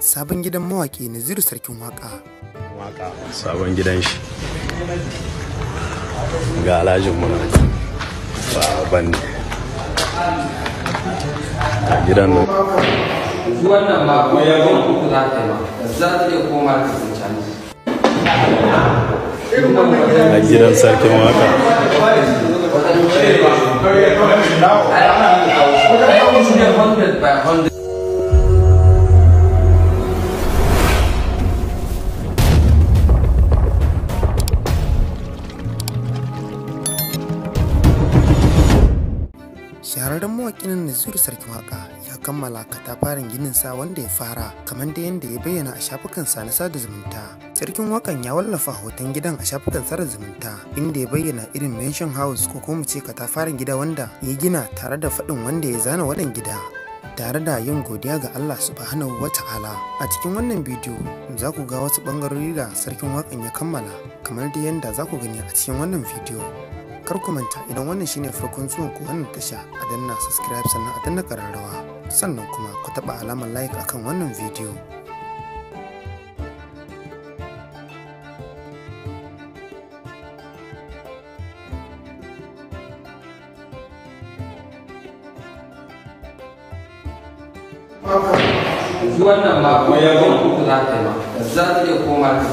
sabon gidan mawaƙi naziru sarkin waƙa waƙa sabon gidan shi ga alhajin muna baban ne a gidan nan wannan ba ya ku za ta ba za ta iya koma da a gidan sarkin waka shahararren mawakin Naziru Sarkin Waka ya kammala katafaren ginin sa wanda ya fara kamar da yanda ya bayyana a sa na sada zumunta. Sarkin Wakan ya wallafa hoton gidan a shafukan sada zumunta inda ya bayyana irin mansion house ko kuma ce katafaren gida wanda ya gina tare da faɗin wanda ya zana waɗan gida. tare da yin godiya ga Allah subhanahu wa ta'ala a cikin wannan bidiyo za ku ga wasu ɓangarori da sarkin wakan ya kammala kamar da yadda za ku gani a cikin wannan bidiyo kar ku manta idan wannan shine farkon zuwan ku wannan tasha a danna subscribe sannan a danna kararrawa sannan kuma ku taba alamar like akan wannan bidiyo wannan ba ko ya ku za ta yi za ta iya koma ta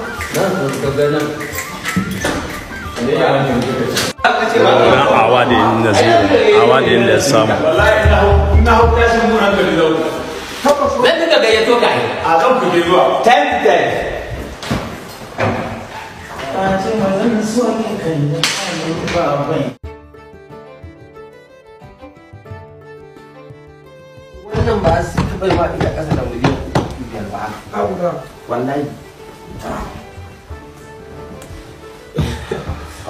awadin da zai awadin da samu wallahi na hau na hau tashin mun hankali da wuta zan duka gayyato ka yi a zan ku je zuwa time to time a ce mai zan so ne kai ba bai wannan ba su bai ma ita kasa da miliyan biyar ba wallahi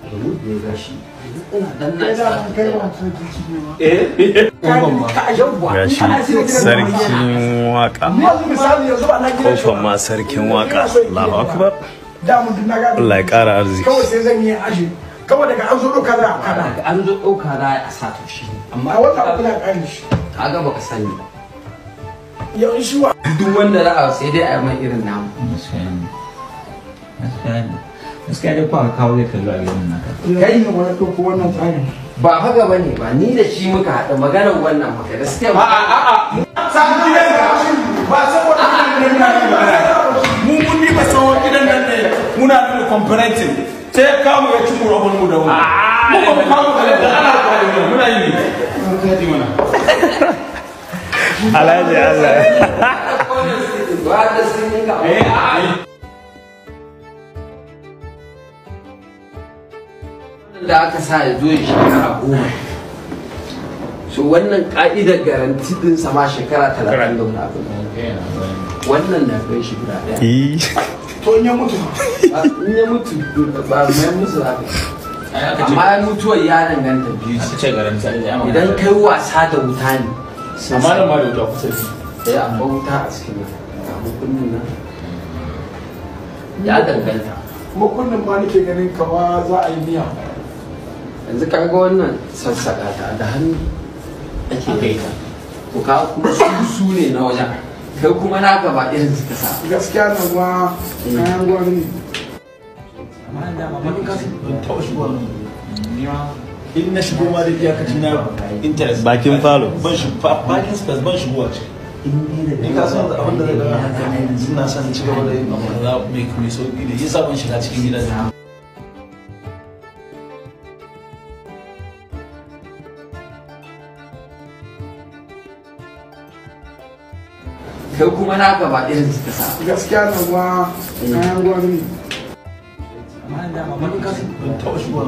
domin eh? sarkin waka kofan ma sarkin waka Allahu akbar Allah ya kara arziki kawai sai zan yi aji kawai daga an zo ɗauka za a kada an zo ɗauka za a sa shi amma a wata abu na ƙari shi kaga baka sani ba shi wa duk wanda za a sai dai a mai irin namu que dai kuka kawo zai kallo a gidan nan kai ne wani ko wannan tsarin ba haka ba ne ba ni da shi muka haɗa maganar wannan maka gaskiya ba a a sa gidan ka ba saboda gidan nan ba mu mun ni ba sawo gidan nan ne muna nuna comparative sai ya kawo ya ci mu mu da mu mu ba mu kawo da ana kwalifiya muna yi ne kaji mana Alhaji Allah. Ba da sun yi ka. Eh, da aka sa ya zo ya shekara goma so wannan ka'idar garanti din sama shekara talatin da wani abu wannan na kai shi guda daya to in ya mutu in ya mutu ba mai musu haka amma mutuwar ya danganta biyu ce idan kai wasa da wuta ne amma da mara wuta kusa sai an ba wuta a cikin hukumin nan ya danganta kuma kullum ma nake ganin kama za a yi miya yanzu ka ga wannan sassaƙa ta da hannu ake kai ta to ka kuma su ne na wajen kai kuma na gaba irin suka sa gaskiya na ma kayan gwari amma da mamaki ka taɓa shigo ni ma in na shigo ma da kacin na interest bakin falo ban shi bakin space ban shigo a ce in ka san abin da zai ga suna son ci gaba da yin abu da mai sauƙi da yi sabon shiga cikin gidan kai kuma na gaba irin ta sa gaskiya na ba kayan gwani da taɓa shigowa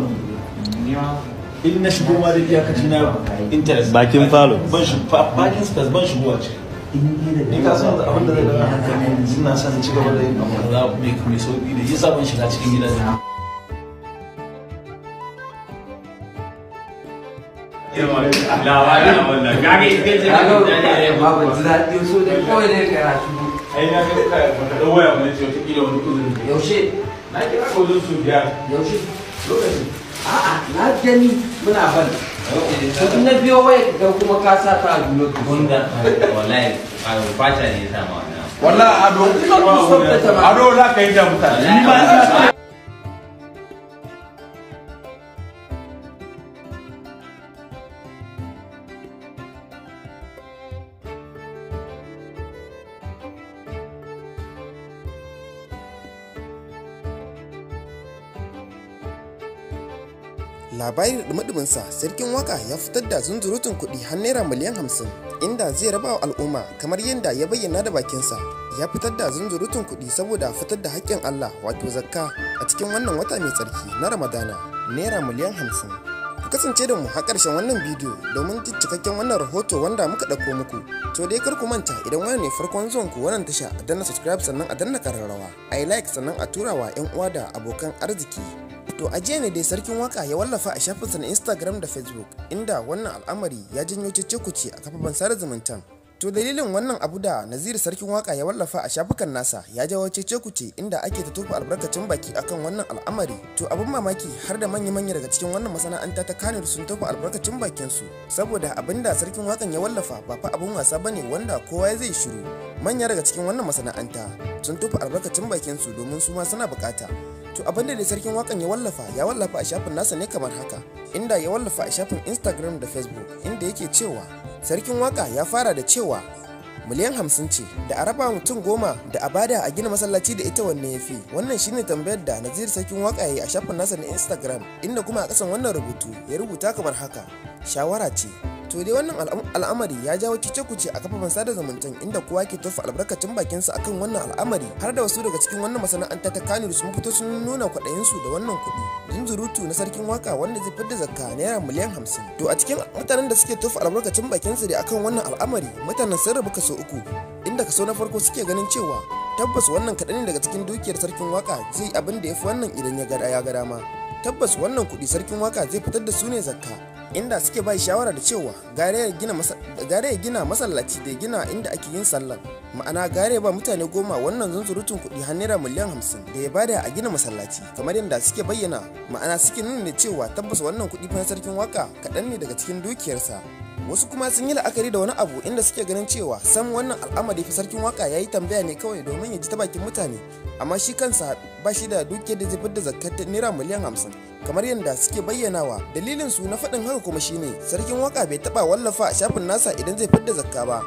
in na shigo ma da iyakaci na interest bakin falo ban bakin space ban shigowa ce ni ka san da abin da zai da hankali suna son ci gaba da yin amma za mai sauki da yasa sabon shiga cikin gidan na labarin a wannan gage ita ce ba ba ji daɗi so dai kawai ne ka yashi ai na ga ka ka dawo ya mun ce wata wani uzuri yaushe na kira ka wajen su biyar yaushe lokaci a'a na gani muna ban to na biyo waya ga kuma ka sa ta a duniya gunda wallahi fata da labari da madumin sa sarkin waka ya fitar da zunzurutun kuɗi har naira miliyan hamsin inda zai raba wa al'umma kamar yadda ya bayyana da bakinsa ya fitar da zunzurutun kuɗi saboda fitar da hakkin Allah wato zakka a cikin wannan wata mai tsarki na Ramadana naira miliyan hamsin ku kasance da mu har ƙarshen wannan bidiyo domin cikakken wannan rahoto wanda muka ɗauko muku to dai kar ku manta idan wani ne farkon zuwan ku wannan tasha a danna subscribe sannan a danna kararrawa a like sannan a turawa 'yan uwa da abokan arziki To a jiya ne dai sarkin waka ya wallafa a shafinsa na Instagram da Facebook inda wannan al'amari ya janyo cece-kuce a kafafen sada zumuntan. To dalilin wannan abu da Nazir sarkin waka ya wallafa a shafukan nasa ya jawo cece inda ake ta tofa albarkacin baki akan wannan al'amari. To abin mamaki har da manya-manya daga cikin wannan masana'anta ta Kanir sun tufa albarkacin bakin su saboda abin da sarkin wakan ya wallafa ba fa abin wasa bane wanda kowa ya zai shiru. Manya daga cikin wannan masana'anta sun tufa albarkacin bakin su domin su ma suna bukata. To abin da sarkin wakan ya wallafa ya wallafa a shafin nasa ne kamar haka inda ya wallafa a shafin Instagram da Facebook inda yake cewa sarkin waka ya fara da cewa miliyan hamsin ce da a raba mutum goma da a bada a gina masallaci da ita wanne ya fi wannan shine tambayar da nazir sarkin waka ya yi a shafin nasa na Instagram inda kuma a kasan wannan rubutu ya rubuta kamar haka shawara ce to dai wannan al'amari ya jawo cice kuce a kafafen sada zumunta inda kowa ke tofa albarkacin bakinsa akan wannan al'amari har da wasu daga cikin wannan masana'anta ta kano sun fito sun nuna kwaɗayinsu da wannan kuɗi jinzurutu na sarkin waka wanda zai fidda zakka naira miliyan hamsin to a cikin mutanen da suke tofa albarkacin sa dai akan wannan al'amari mutanen sun rabu kaso uku inda kaso na farko suke ganin cewa tabbas wannan kaɗan daga cikin dukiyar sarkin waka zai abin da ya fi wannan idan ya gada ya gada ma tabbas wannan kuɗi sarkin waka zai fitar da su ne zakka inda suke bai shawara da cewa gare ya gina masallaci da gina inda ake yin sallar ma'ana gare ba mutane goma wannan zunzurutun kuɗi har naira miliyan hamsin da ya bada a gina masallaci kamar yadda suke bayyana ma'ana suke nuna da cewa tabbas wannan kuɗi fa sarkin waka kaɗan ne daga cikin dukiyarsa wasu kuma sun yi la'akari da wani abu inda suke ganin cewa sam wannan al'amari fa sarkin waka yi tambaya ne kawai domin ya ji ta bakin mutane amma shi kansa ba shi da dukiyar da zai da zakkar naira miliyan hamsin kamar yadda suke bayyanawa dalilin su na faɗin haka kuma shi ne, sarkin waka bai taɓa wallafa a shafin nasa idan zai fidda zakka ba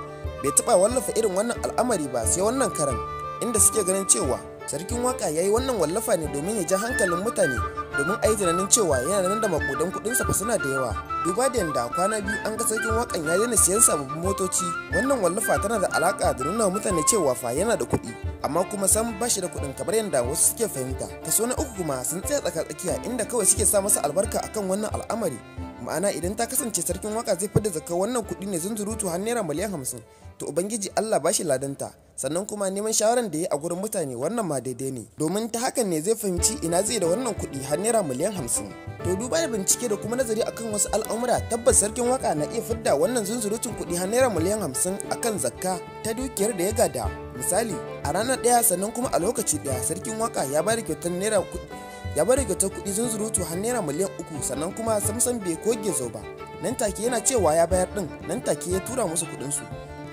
bai taɓa wallafa irin wannan al'amari ba sai wannan karan inda suke ganin cewa sarkin waka yi wannan wallafa ne domin ya ja hankalin mutane domin a yi tunanin cewa yana nan da makudan kudinsa fa suna da yawa duba da yanda kwana biyu an ga sarkin wakan ya daina siyan sababbin motoci wannan wallafa tana da alaka da nuna mutane cewa fa yana da kuɗi amma kuma san bashi da kuɗin kamar yadda wasu suke fahimta kaso na uku kuma sun tsaya tsaka tsakiya inda kawai suke sa masa albarka akan wannan al'amari ma'ana idan ta kasance sarkin waka zai fi da zakka wannan kuɗi ne zunzurutu har naira miliyan hamsin to ubangiji Allah bashi ladanta sannan kuma neman shawaran da ya a gurin mutane wannan ma daidai ne domin ta hakan ne zai fahimci ina zai da wannan kuɗi har naira miliyan hamsin to duba da bincike da kuma nazari akan wasu al'amura tabbas sarkin waka na iya fidda wannan zunzurutun kuɗi har naira miliyan hamsin akan zakka ta dukiyar da ya gada misali a ranar ɗaya sannan kuma a lokaci ɗaya sarkin waka ya bada kyautar naira kuɗi ya bari ga ta zun zunzurutu har naira miliyan uku sannan kuma samson bai koge zo ba nan take yana cewa ya bayar din nan take ya tura musu su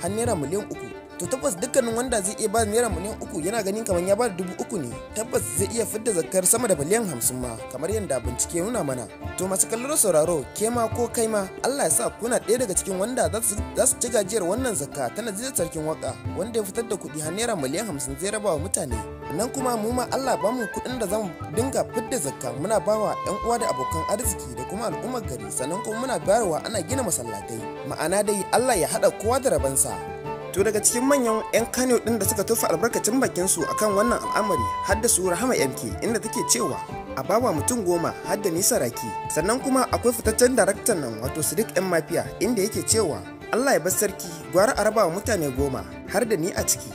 har naira miliyan uku to tabbas dukkanin wanda zai iya ba naira miliyan uku yana ganin kamar ya ba da dubu uku ne tabbas zai iya fidda zakar sama da miliyan hamsin ma kamar yadda bincike nuna mana to masu kallon sauraro ke ma ko kai ma Allah ya sa kuna ɗaya daga cikin wanda za su ci gajiyar wannan zakka ta Najeriya sarkin waka wanda ya fitar da kuɗi har naira miliyan hamsin zai rabawa mutane nan kuma mu ma Allah ba mu kuɗin da zamu dinga fidda zakka muna bawa yan uwa da abokan arziki da kuma al'ummar gari sannan kuma muna bayarwa ana gina masallatai ma'ana dai Allah ya haɗa kowa da rabansa to daga cikin manyan 'yan kano ɗin da suka tofa albarkacin bakin su akan wannan al'amari har da su rahama mk inda take cewa a bawa mutum goma har da nisa raki sannan kuma akwai fitaccen daraktan nan wato sadiq yan mafiya inda yake cewa allah ya bar sarki gwara a rabawa mutane goma har da ni a ciki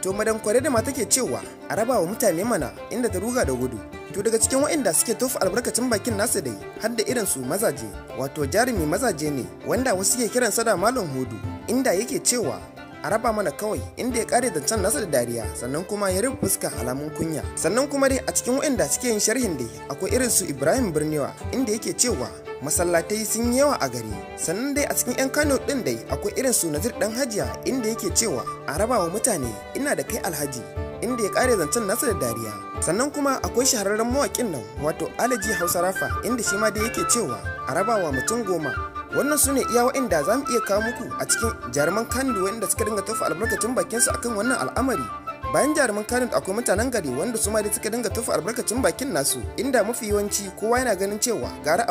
to madan kware da ma take cewa a rabawa mutane mana inda ta ruga da gudu to daga cikin waɗanda suke tofa albarkacin bakin nasa dai har da irin su mazaje wato jarumi mazaje ne wanda wasu ke kiransa da malam hudu inda yake cewa a raba mana kawai inda ya kare zancen nasa da dariya sannan kuma ya rufe fuska alamun kunya sannan kuma dai a cikin waɗanda suke yin sharhin dai akwai irin su Ibrahim Birniwa inda yake cewa masallatai sun yi yawa a gari sannan dai a cikin 'yan Kano ɗin dai akwai irin su Nazir Dan Hajiya inda yake cewa a raba wa mutane ina da kai alhaji inda ya kare zancen nasa da dariya sannan kuma akwai shahararren mawakin nan wato Alhaji Hausa Rafa inda shi ma dai yake cewa a raba wa mutum goma wannan su ne iya wa'inda za mu iya kawo muku a cikin jaruman kanu wanda suka dinga tofa albarkacin su akan wannan al'amari bayan jaruman kanu akwai mutanen gari wanda su ma dai suka dinga tofa albarkacin bakin nasu inda mafi yawanci kowa yana ganin cewa gara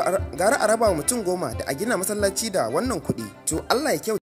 a raba mutum goma da a gina masallaci da wannan kuɗi to allah ya kyau